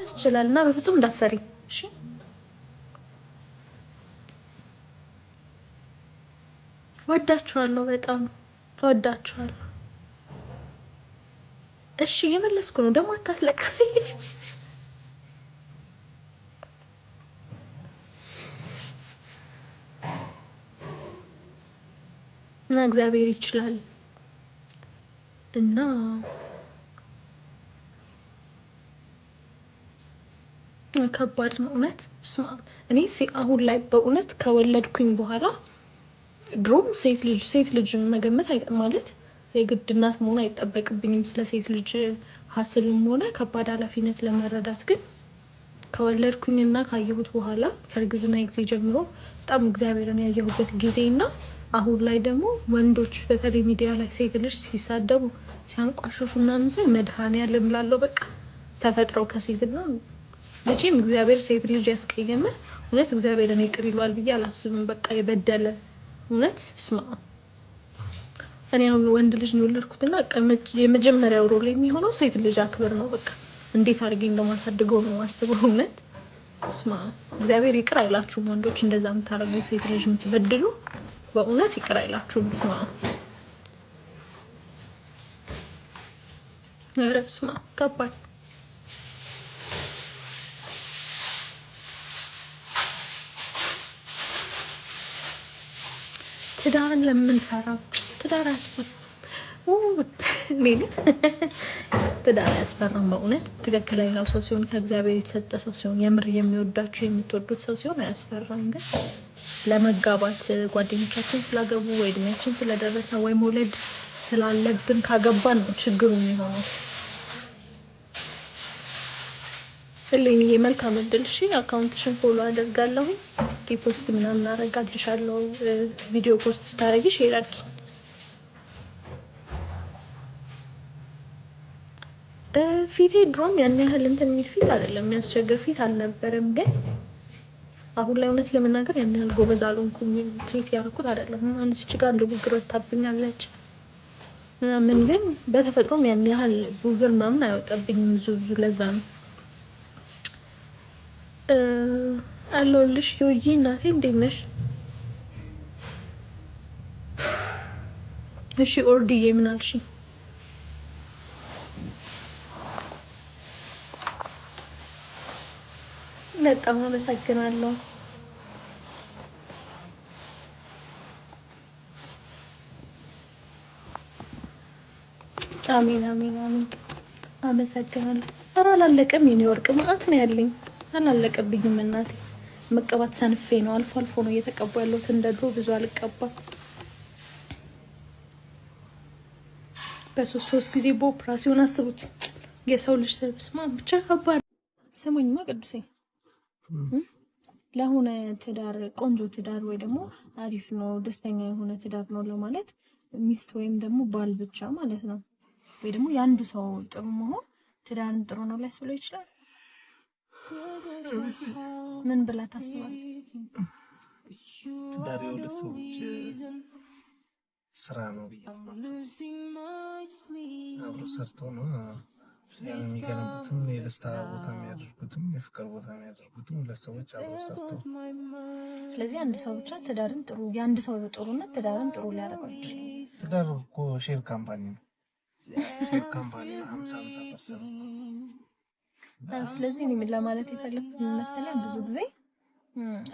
ያስችላል እና በፍጹም እንዳፈሪ ወዳችኋለሁ። በጣም ወዳችኋለሁ። እሺ የመለስኩ ነው። ደግሞ አታስለቅሰኝ። እና እግዚአብሔር ይችላል። እና ከባድ ነው እውነት። እኔ አሁን ላይ በእውነት ከወለድኩኝ በኋላ ድሮም ሴት ልጅ ሴት ልጅ መገመት ማለት የግድ እናት መሆን አይጠበቅብኝም። ስለ ሴት ልጅ ሀስልም ሆነ ከባድ ኃላፊነት ለመረዳት ግን ከወለድኩኝና ካየሁት በኋላ ከእርግዝና ጊዜ ጀምሮ በጣም እግዚአብሔርን ያየሁበት ጊዜ እና አሁን ላይ ደግሞ ወንዶች በተለይ ሚዲያ ላይ ሴት ልጅ ሲሳደቡ ሲያንቋሽሹ ምናምን ሳይ መድኃኔዓለም ላለው በቃ ተፈጥረው ከሴት ነው። መቼም እግዚአብሔር ሴት ልጅ ያስቀየመ እውነት እግዚአብሔርን ይቅር ይሏል ብዬ አላስብም። በቃ የበደለ እውነት ስማ፣ እኔ ወንድ ልጅ ነው የወለድኩትና የመጀመሪያው ሮል የሚሆነው ሴት ልጅ አክብር ነው። በቃ እንዴት አድርጌ እንደማሳድገው ነው ማስበው። እውነት ስማ፣ እግዚአብሔር ይቅር አይላችሁም ወንዶች እንደዛ የምታደርጉ ሴት ልጅ የምትበድሉ በእውነት ይቅር አይላችሁ። ስማ ኧረ ስማ ከባድ ትዳርን ለምንፈራው ትዳር አያስፈራም። ትዳር አያስፈራም። በእውነት ትክክለኛው ሰው ሲሆን ከእግዚአብሔር የተሰጠ ሰው ሲሆን የምር የሚወዳችሁ የምትወዱት ሰው ሲሆን አያስፈራም። ግን ለመጋባት ጓደኞቻችን ስላገቡ ወይ እድሜያችን ስለደረሰ ወይ መውለድ ስላለብን ካገባን ነው ችግሩ የሚሆነው። እልኝ ይሄ መልካም እድል። እሺ አካውንትሽን ፎሎ አደርጋለሁ። ሪፖስት ምናምን አረጋግልሻለሁ። ቪዲዮ ፖስት ስታረጊ ሼር አድርጊ። ፊቴ ድሮም ያን ያህል እንትን የሚል ፊት አይደለም፣ የሚያስቸግር ፊት አልነበረም። ግን አሁን ላይ እውነት ለመናገር ያን ያህል ጎበዝ አልሆንኩም። ትሪት ያደረኩት አይደለም። አንስች ጋር አንድ ጉግር ወታብኛለች ምናምን፣ ግን በተፈጥሮም ያን ያህል ጉግር ምናምን አይወጣብኝም ብዙ ብዙ። ለዛ ነው አለሁልሽ ዮጂ እናቴ፣ እንዴት ነሽ? እሺ ኦርድዬ ምን አልሽኝ? በጣም አመሰግናለሁ። አሜን አሜን አሜን። አመሰግናለሁ። ኧረ አላለቀም። የኒውዮርክ መዓት ነው ያለኝ፣ አላለቀብኝም። እናቴ መቀባት ሰንፌ ነው። አልፎ አልፎ ነው እየተቀባ ያለሁት። እንደ ድሮ ብዙ አልቀባም። በሶስት ሶስት ጊዜ በኦፕራሲዮን አስቡት። የሰው ልጅ ተብስማ ብቻ ከባድ ስሙኝማ ቅዱሴ ለሆነ ትዳር ቆንጆ ትዳር ወይ ደግሞ አሪፍ ነው ደስተኛ የሆነ ትዳር ነው ለማለት ሚስት ወይም ደግሞ ባል ብቻ ማለት ነው ወይ ደግሞ የአንዱ ሰው ጥሩ መሆን ትዳርን ጥሩ ነው ብሎ ይችላል። ምን ብላ ታስባል ትዳር የሁለት ሰዎች ስራ ነው ብዬ አብሮ ሰርቶ ነው የሚገነቡትም የደስታ ቦታ የሚያደርጉትም የፍቅር ቦታ የሚያደርጉትም ለሰዎች አብሮ ሰርቶ ስለዚህ አንድ ሰው ብቻ ትዳርን ጥሩ የአንድ ሰው ጥሩነት ትዳርን ጥሩ ሊያደርገው ይችላል። ትዳር እኮ ሼር ካምፓኒ ነው። ሼር ካምፓኒ ነው ሀምሳ ሀምሳ ፐርሰንት። ስለዚህ እኔ ለማለት የፈለኩት መሰለኝ ብዙ ጊዜ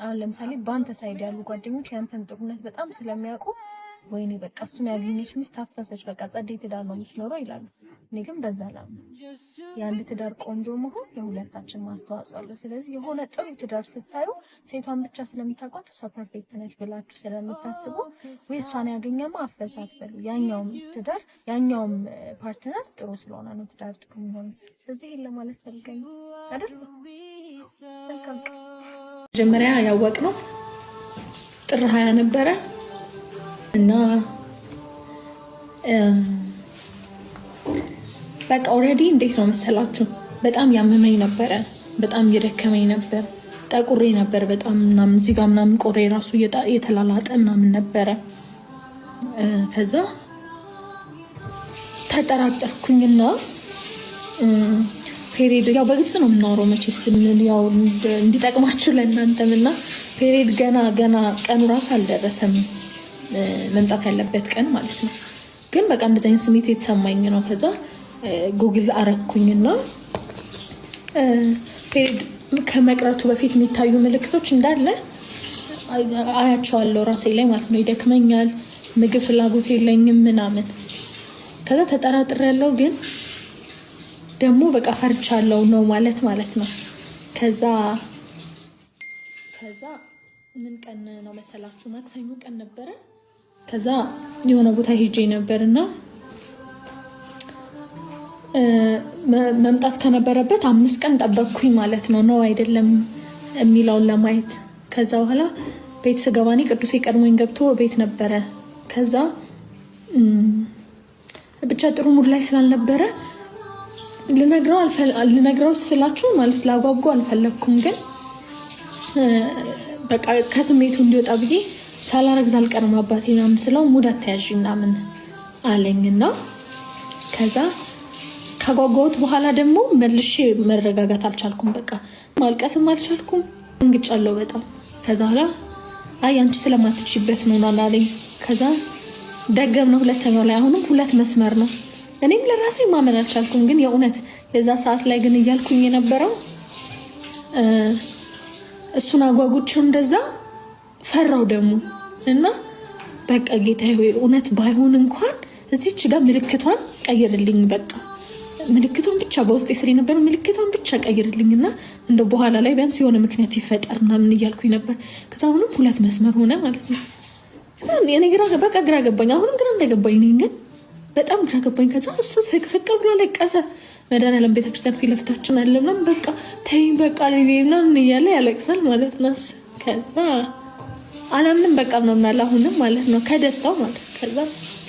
አሁን ለምሳሌ በአንተ ሳይድ ያሉ ጓደኞች ያንተን ጥሩነት በጣም ስለሚያውቁ ወይኔ በቃ እሱን ያገኘች ሚስት ታፈሰች፣ በቃ ጸዴ ትዳር ነው የምትኖረው ይላሉ። እኔ ግን በዛ ላምነው የአንድ ትዳር ቆንጆ መሆን የሁለታችን ማስተዋጽኦ አለው። ስለዚህ የሆነ ጥሩ ትዳር ስታዩ ሴቷን ብቻ ስለምታቋት እሷ ፐርፌክት ነች ብላችሁ ስለምታስቡ ወይ እሷን ያገኘማ አፈሳት በሉ። ያኛውም ትዳር ያኛውም ፓርትነር ጥሩ ስለሆነ ነው ትዳር ጥሩ የሚሆኑ። ስለዚህ ይሄን ለማለት ፈልገኝ አይደል። መጀመሪያ ያወቅነው ነው ጥር ሀያ ነበረ እና በቃ ኦልሬዲ እንዴት ነው መሰላችሁ፣ በጣም ያመመኝ ነበረ፣ በጣም እየደከመኝ ነበር፣ ጠቁሬ ነበር በጣም ምናምን፣ እዚህ ምናምን ቆሬ ራሱ የተላላጠ ምናምን ነበረ። ከዛ ተጠራጠርኩኝና ፔሬድ ያው በግልጽ ነው የምናወራው መቼስ ያው እንዲጠቅማችሁ ለእናንተም እና ፔሬድ ገና ገና ቀኑ ራሱ አልደረሰም መምጣት ያለበት ቀን ማለት ነው። ግን በቃ እንደዚህ አይነት ስሜት የተሰማኝ ነው። ከዛ ጉግል አረኩኝና ፔሪድ ከመቅረቱ በፊት የሚታዩ ምልክቶች እንዳለ አያቸዋለሁ ራሴ ላይ ማለት ነው። ይደክመኛል፣ ምግብ ፍላጎት የለኝም ምናምን። ከዛ ተጠራጥር ያለው ግን ደግሞ በቃ ፈርቻለሁ ነው ማለት ማለት ነው። ከዛ ከዛ ምን ቀን ነው መሰላችሁ? ማክሰኞ ቀን ነበረ። ከዛ የሆነ ቦታ ሄጄ ነበር እና መምጣት ከነበረበት አምስት ቀን ጠበቅኩኝ ማለት ነው ነው አይደለም የሚለውን ለማየት ከዛ በኋላ ቤት ስገባኔ ቅዱሴ ቀድሞኝ ገብቶ ቤት ነበረ። ከዛ ብቻ ጥሩ ሙድ ላይ ስላልነበረ ልነግረው ስላችሁ ማለት ላጓጉ አልፈለግኩም፣ ግን በቃ ከስሜቱ እንዲወጣ ብዬ ሳላረግዝ አልቀርም አባቴ ምናምን ስለው ሙድ አተያዥ ምናምን አለኝና ከዛ ካጓጓሁት በኋላ ደግሞ መልሼ መረጋጋት አልቻልኩም። በቃ ማልቀስም አልቻልኩም። እንግጫለው በጣም ከዛ ኋላ አይ አንቺ ስለማትችበት ነው አለኝ። ከዛ ደገም ነው ሁለተኛው ላይ አሁንም ሁለት መስመር ነው። እኔም ለራሴ ማመን አልቻልኩም። ግን የእውነት የዛ ሰዓት ላይ ግን እያልኩኝ የነበረው እሱን አጓጉቸው እንደዛ ፈራው ደግሞ እና በቃ ጌታ እውነት ባይሆን እንኳን እዚች ጋር ምልክቷን ቀይርልኝ፣ በቃ ምልክቷን ብቻ በውስጤ ስር ነበር። ምልክቷን ብቻ ቀይርልኝ እና እንደ በኋላ ላይ ቢያንስ የሆነ ምክንያት ይፈጠር ምናምን እያልኩኝ ነበር። ከዛ አሁንም ሁለት መስመር ሆነ ማለት ነው። እኔ ግራ በቃ ግራ ገባኝ። አሁንም ግራ እንደገባኝ ነኝ፣ ግን በጣም ግራ ገባኝ። ከዛ እሱ ስቅስቅ ብሎ ለቀሰ። መድኃኒዓለም ቤተክርስቲያን ፊት ለፊታችን አለ ምናምን በቃ ተይኝ በቃ ምናምን እያለ ያለቅሳል ማለት ነው ከዛ አላምንም በቃ ነው ብሎናል። አሁንም ማለት ነው ከደስታው ማለት ከዛ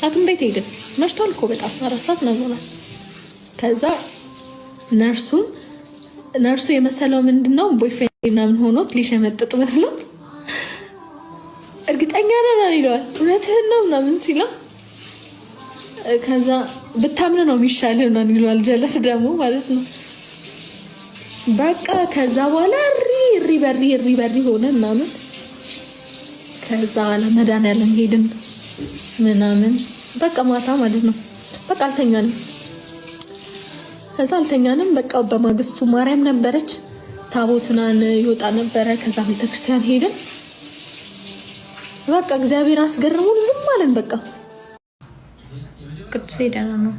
ሐኪም ቤት ሄድን። መሽቷል እኮ በጣም አራት ሰዓት ነው ሆኗል። ከዛ ነርሱን ነርሱ የመሰለው ምንድን ነው ቦይፍሬንድ ምናምን ሆኖት ሊሸመጥጥ መስሎት እርግጠኛ ነን ይለዋል። እውነትህን ነው ምናምን ሲለው ከዛ ብታምን ነው የሚሻል ምናምን ይለዋል። ጀለስ ደግሞ ማለት ነው በቃ ከዛ በኋላ ሪ ሪ በሪ ሪ በሪ ሆነ ምናምን ከዛ በኋላ ለመድኃኒዓለም ሄድን ምናምን በቃ ማታ ማለት ነው። በቃ አልተኛንም። ከዛ አልተኛንም። በቃ በማግስቱ ማርያም ነበረች ታቦትናን ይወጣ ነበረ። ከዛ ቤተክርስቲያን ሄድን። በቃ እግዚአብሔር አስገርሙን። ዝም አለን። በቃ ቅዱስ ደህና ነው።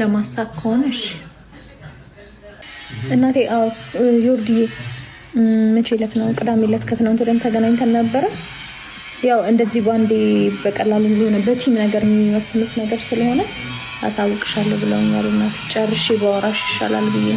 ለማሳቅ እሺ እናቴ ዮርዲ መቼ ዕለት ነው? ቅዳሜ ዕለት ከትናንት ወዲያም ተገናኝተን ነበረ። ያው እንደዚህ በአንዴ በቀላሉ ሊሆነ በቲም ነገር የሚወስኑት ነገር ስለሆነ አሳውቅሻለሁ ብለውኛል። እናቴ ጨርሼ ባወራሽ ይሻላል ብዬ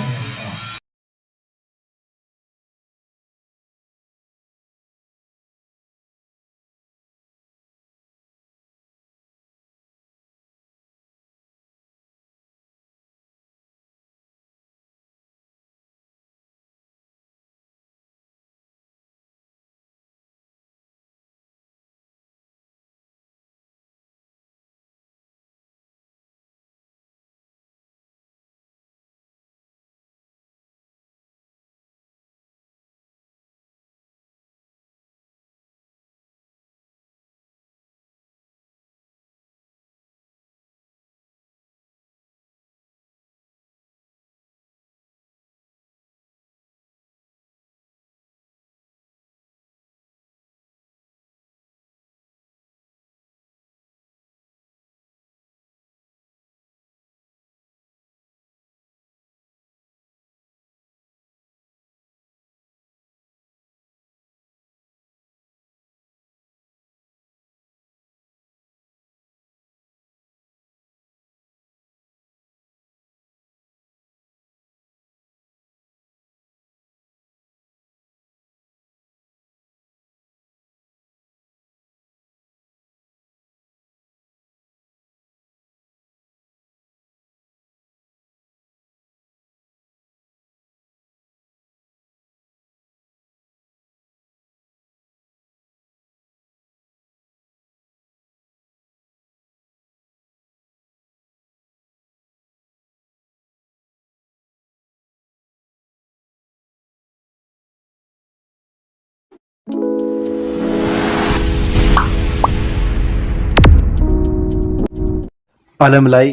ዓለም ላይ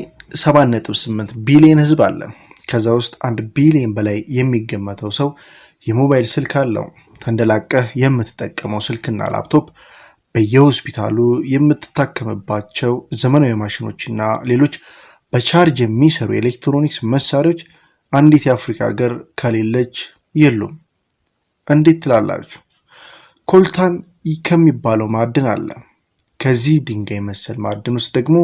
7.8 ቢሊዮን ህዝብ አለ። ከዛ ውስጥ አንድ ቢሊዮን በላይ የሚገመተው ሰው የሞባይል ስልክ አለው። ተንደላቀህ የምትጠቀመው ስልክና ላፕቶፕ በየሆስፒታሉ የምትታከምባቸው ዘመናዊ ማሽኖችና ሌሎች በቻርጅ የሚሰሩ የኤሌክትሮኒክስ መሳሪያዎች አንዲት የአፍሪካ ሀገር ከሌለች የሉም። እንዴት ትላላችሁ? ኮልታን ከሚባለው ማዕድን አለ። ከዚህ ድንጋይ መሰል ማዕድን ውስጥ ደግሞ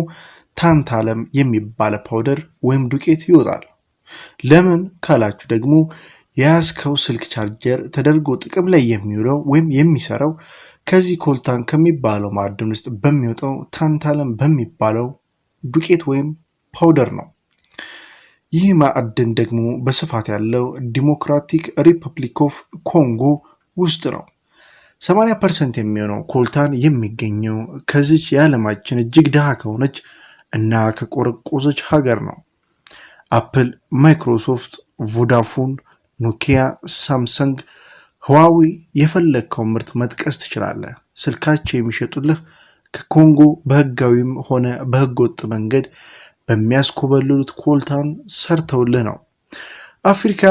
ታንታለም የሚባለ ፓውደር ወይም ዱቄት ይወጣል። ለምን ካላችሁ ደግሞ የያዝከው ስልክ ቻርጀር ተደርጎ ጥቅም ላይ የሚውለው ወይም የሚሰራው ከዚህ ኮልታን ከሚባለው ማዕድን ውስጥ በሚወጣው ታንታለም በሚባለው ዱቄት ወይም ፓውደር ነው። ይህ ማዕድን ደግሞ በስፋት ያለው ዲሞክራቲክ ሪፐብሊክ ኦፍ ኮንጎ ውስጥ ነው። 80 ፐርሰንት የሚሆነው ኮልታን የሚገኘው ከዚች የዓለማችን እጅግ ድሃ ከሆነች እና ከቆረቆዘች ሀገር ነው። አፕል፣ ማይክሮሶፍት፣ ቮዳፎን፣ ኖኪያ፣ ሳምሰንግ፣ ህዋዊ የፈለግከው ምርት መጥቀስ ትችላለህ። ስልካቸው የሚሸጡልህ ከኮንጎ በህጋዊም ሆነ በህገ ወጥ መንገድ በሚያስኮበልሉት ኮልታን ሰርተውልህ ነው። አፍሪካ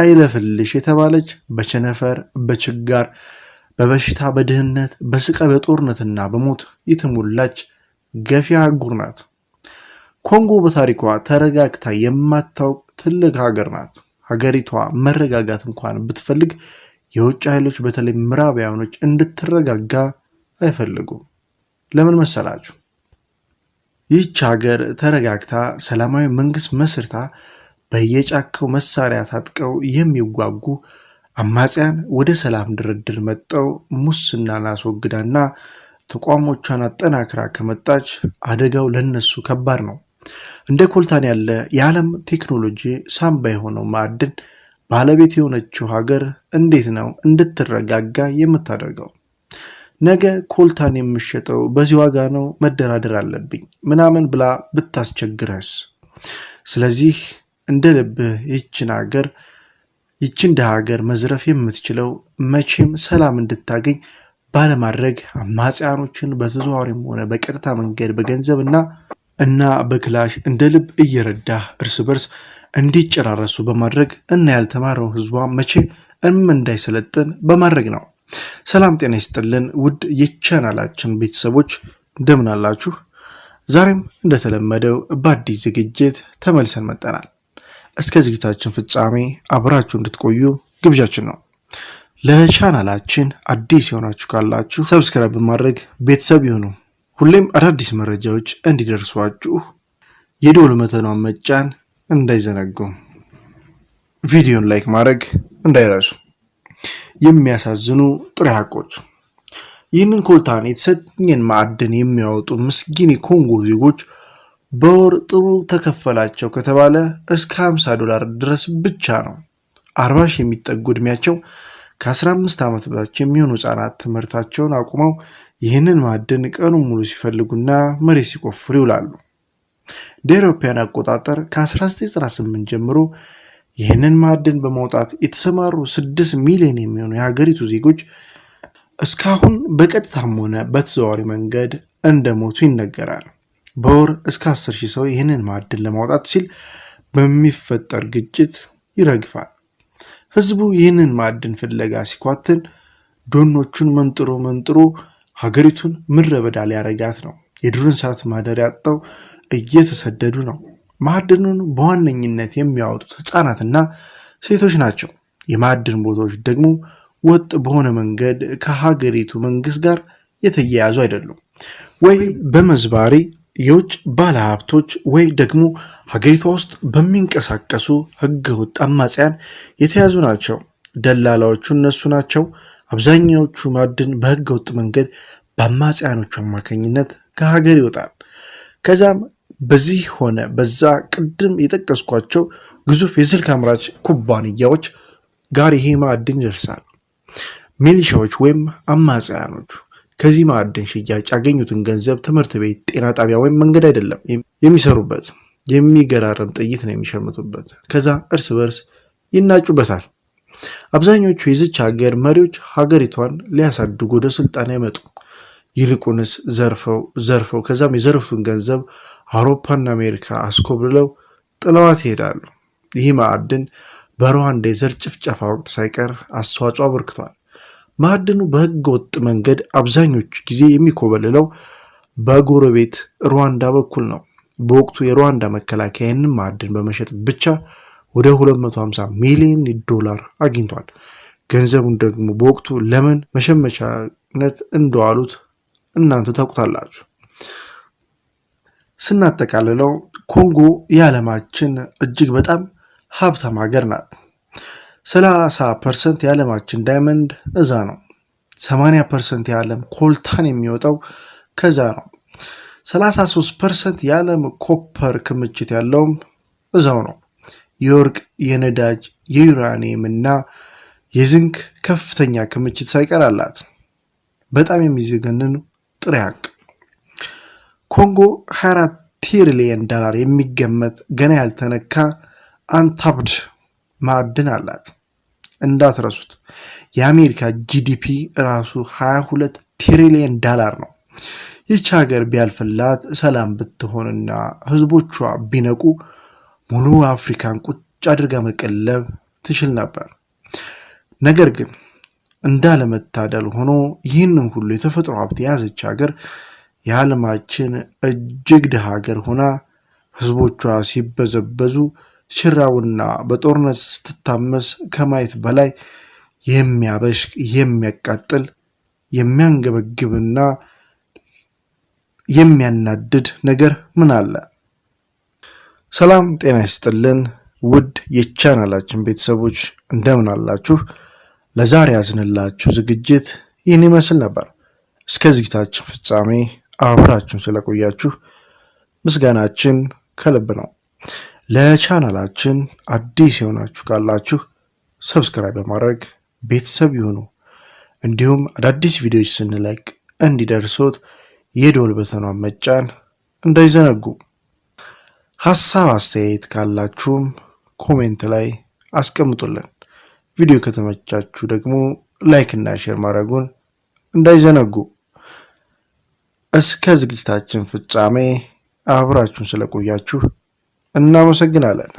አይለፍልሽ የተባለች በቸነፈር በችጋር በበሽታ በድህነት በስቃይ በጦርነትና በሞት የተሞላች ገፊ አህጉር ናት። ኮንጎ በታሪኳ ተረጋግታ የማታውቅ ትልቅ ሀገር ናት። ሀገሪቷ መረጋጋት እንኳን ብትፈልግ የውጭ ኃይሎች በተለይ ምዕራባውያኖች እንድትረጋጋ አይፈልጉም። ለምን መሰላችሁ? ይህች ሀገር ተረጋግታ ሰላማዊ መንግስት መስርታ በየጫካው መሳሪያ ታጥቀው የሚዋጉ አማጽያን ወደ ሰላም ድርድር መጠው ሙስናን አስወግዳና ተቋሞቿን አጠናክራ ከመጣች አደጋው ለነሱ ከባድ ነው። እንደ ኮልታን ያለ የዓለም ቴክኖሎጂ ሳምባ የሆነው ማዕድን ባለቤት የሆነችው ሀገር እንዴት ነው እንድትረጋጋ የምታደርገው? ነገ ኮልታን የምሸጠው በዚህ ዋጋ ነው፣ መደራደር አለብኝ ምናምን ብላ ብታስቸግረስ? ስለዚህ እንደ ልብህ ይችን ሀገር ይቺ እንደ ሀገር መዝረፍ የምትችለው መቼም ሰላም እንድታገኝ ባለማድረግ አማጽያኖችን በተዘዋዋሪም ሆነ በቀጥታ መንገድ በገንዘብና እና በክላሽ እንደ ልብ እየረዳ እርስ በርስ እንዲጨራረሱ በማድረግ እና ያልተማረው ህዝቧ መቼ እም እንዳይሰለጥን በማድረግ ነው። ሰላም ጤና ይስጥልን ውድ የቻናላችን ቤተሰቦች እንደምን አላችሁ? ዛሬም እንደተለመደው በአዲስ ዝግጅት ተመልሰን መጠናል። እስከ ዝግጅታችን ፍጻሜ አብራችሁ እንድትቆዩ ግብዣችን ነው። ለቻናላችን አዲስ የሆናችሁ ካላችሁ ሰብስክራይብ በማድረግ ቤተሰብ ይሁኑ። ሁሌም አዳዲስ መረጃዎች እንዲደርሷችሁ የደወል መተኗን መጫን እንዳይዘነጉ፣ ቪዲዮን ላይክ ማድረግ እንዳይረሱ። የሚያሳዝኑ ጥሬ ሀቆች ይህንን ኮልታን የተሰኘን ማዕድን የሚያወጡ ምስጊን የኮንጎ ዜጎች በወር ጥሩ ተከፈላቸው ከተባለ እስከ 50 ዶላር ድረስ ብቻ ነው። 40 ሺህ የሚጠጉ እድሜያቸው ከ15 ዓመት በታች የሚሆኑ ህጻናት ትምህርታቸውን አቁመው ይህንን ማዕድን ቀኑን ሙሉ ሲፈልጉና መሬት ሲቆፍሩ ይውላሉ። እንደ አውሮፓውያን አቆጣጠር ከ1998 ጀምሮ ይህንን ማዕድን በማውጣት የተሰማሩ 6 ሚሊዮን የሚሆኑ የሀገሪቱ ዜጎች እስካሁን በቀጥታም ሆነ በተዘዋዋሪ መንገድ እንደሞቱ ይነገራል። በወር እስከ 10 ሺህ ሰው ይህንን ማዕድን ለማውጣት ሲል በሚፈጠር ግጭት ይረግፋል። ህዝቡ ይህንን ማዕድን ፍለጋ ሲኳትን ዶኖቹን መንጥሮ መንጥሮ ሀገሪቱን ምድረ በዳ ሊያረጋት ነው። የዱር እንስሳት ማደሪያ አጥተው እየተሰደዱ ነው። ማዕድኑን በዋነኝነት የሚያወጡት ህፃናትና ሴቶች ናቸው። የማዕድን ቦታዎች ደግሞ ወጥ በሆነ መንገድ ከሀገሪቱ መንግስት ጋር የተያያዙ አይደሉም ወይ በመዝባሪ የውጭ ባለሀብቶች ወይም ደግሞ ሀገሪቷ ውስጥ በሚንቀሳቀሱ ህገወጥ አማጽያን የተያዙ ናቸው። ደላላዎቹ እነሱ ናቸው። አብዛኛዎቹ ማዕድን በህገወጥ መንገድ በአማጽያኖቹ አማካኝነት ከሀገር ይወጣል። ከዛም በዚህ ሆነ በዛ ቅድም የጠቀስኳቸው ግዙፍ የስልክ አምራች ኩባንያዎች ጋር ይሄ ማዕድን ይደርሳል። ሚሊሻዎች ወይም አማጽያኖቹ ከዚህ ማዕድን ሽያጭ ያገኙትን ገንዘብ ትምህርት ቤት፣ ጤና ጣቢያ ወይም መንገድ አይደለም የሚሰሩበት። የሚገራረም ጥይት ነው የሚሸምቱበት። ከዛ እርስ በርስ ይናጩበታል። አብዛኞቹ የዚች ሀገር መሪዎች ሀገሪቷን ሊያሳድጉ ወደ ስልጣን አይመጡም። ይልቁንስ ዘርፈው ዘርፈው ከዛም የዘርፉን ገንዘብ አውሮፓና አሜሪካ አስኮብልለው ጥለዋት ይሄዳሉ። ይህ ማዕድን በሩዋንዳ የዘር ጭፍጨፋ ወቅት ሳይቀር አስተዋጽኦ አበርክቷል። ማዕድኑ በህገ ወጥ መንገድ አብዛኞቹ ጊዜ የሚኮበልለው በጎረቤት ሩዋንዳ በኩል ነው። በወቅቱ የሩዋንዳ መከላከያ ይህንን ማዕድን በመሸጥ ብቻ ወደ 250 ሚሊዮን ዶላር አግኝቷል። ገንዘቡን ደግሞ በወቅቱ ለምን መሸመቻነት እንደዋሉት እናንተ ታውቁታላችሁ። ስናጠቃልለው ኮንጎ የዓለማችን እጅግ በጣም ሀብታም ሀገር ናት። 30 ፐርሰንት የዓለማችን ዳይመንድ እዛ ነው። 80 ፐርሰንት የዓለም ኮልታን የሚወጣው ከዛ ነው። 33 ፐርሰንት የዓለም ኮፐር ክምችት ያለውም እዛው ነው። የወርቅ የነዳጅ የዩራኒየም እና የዝንክ ከፍተኛ ክምችት ሳይቀር አላት። በጣም የሚዘገንን ጥሬ ሀቅ ኮንጎ 24 ትሪሊየን ዶላር የሚገመት ገና ያልተነካ አንታፕድ ማዕድን አላት። እንዳትረሱት። የአሜሪካ ጂዲፒ ራሱ 22 ትሪሊየን ዳላር ነው። ይች ሀገር ቢያልፍላት ሰላም ብትሆንና ህዝቦቿ ቢነቁ ሙሉ አፍሪካን ቁጭ አድርጋ መቀለብ ትችል ነበር። ነገር ግን እንዳለመታደል ሆኖ ይህንን ሁሉ የተፈጥሮ ሀብት የያዘች ሀገር የዓለማችን እጅግ ድሃ ሀገር ሆና ህዝቦቿ ሲበዘበዙ ሽራውና በጦርነት ስትታመስ ከማየት በላይ የሚያበሽቅ የሚያቃጥል የሚያንገበግብና የሚያናድድ ነገር ምን አለ? ሰላም ጤና ይስጥልን ውድ የቻናላችን ቤተሰቦች እንደምን አላችሁ? ለዛሬ ያዝንላችሁ ዝግጅት ይህን ይመስል ነበር። እስከ ዝግጅታችን ፍጻሜ አብራችሁን ስለቆያችሁ ምስጋናችን ከልብ ነው። ለቻናላችን አዲስ የሆናችሁ ካላችሁ ሰብስክራይብ በማድረግ ቤተሰብ ይሁኑ። እንዲሁም አዳዲስ ቪዲዮዎች ስንለቅ እንዲደርሶት የደወል በተኗን መጫን እንዳይዘነጉ። ሀሳብ አስተያየት ካላችሁም ኮሜንት ላይ አስቀምጡልን። ቪዲዮ ከተመቻችሁ ደግሞ ላይክ እና ሼር ማድረጉን እንዳይዘነጉ። እስከ ዝግጅታችን ፍጻሜ አብራችሁን ስለቆያችሁ እናመሰግናለን።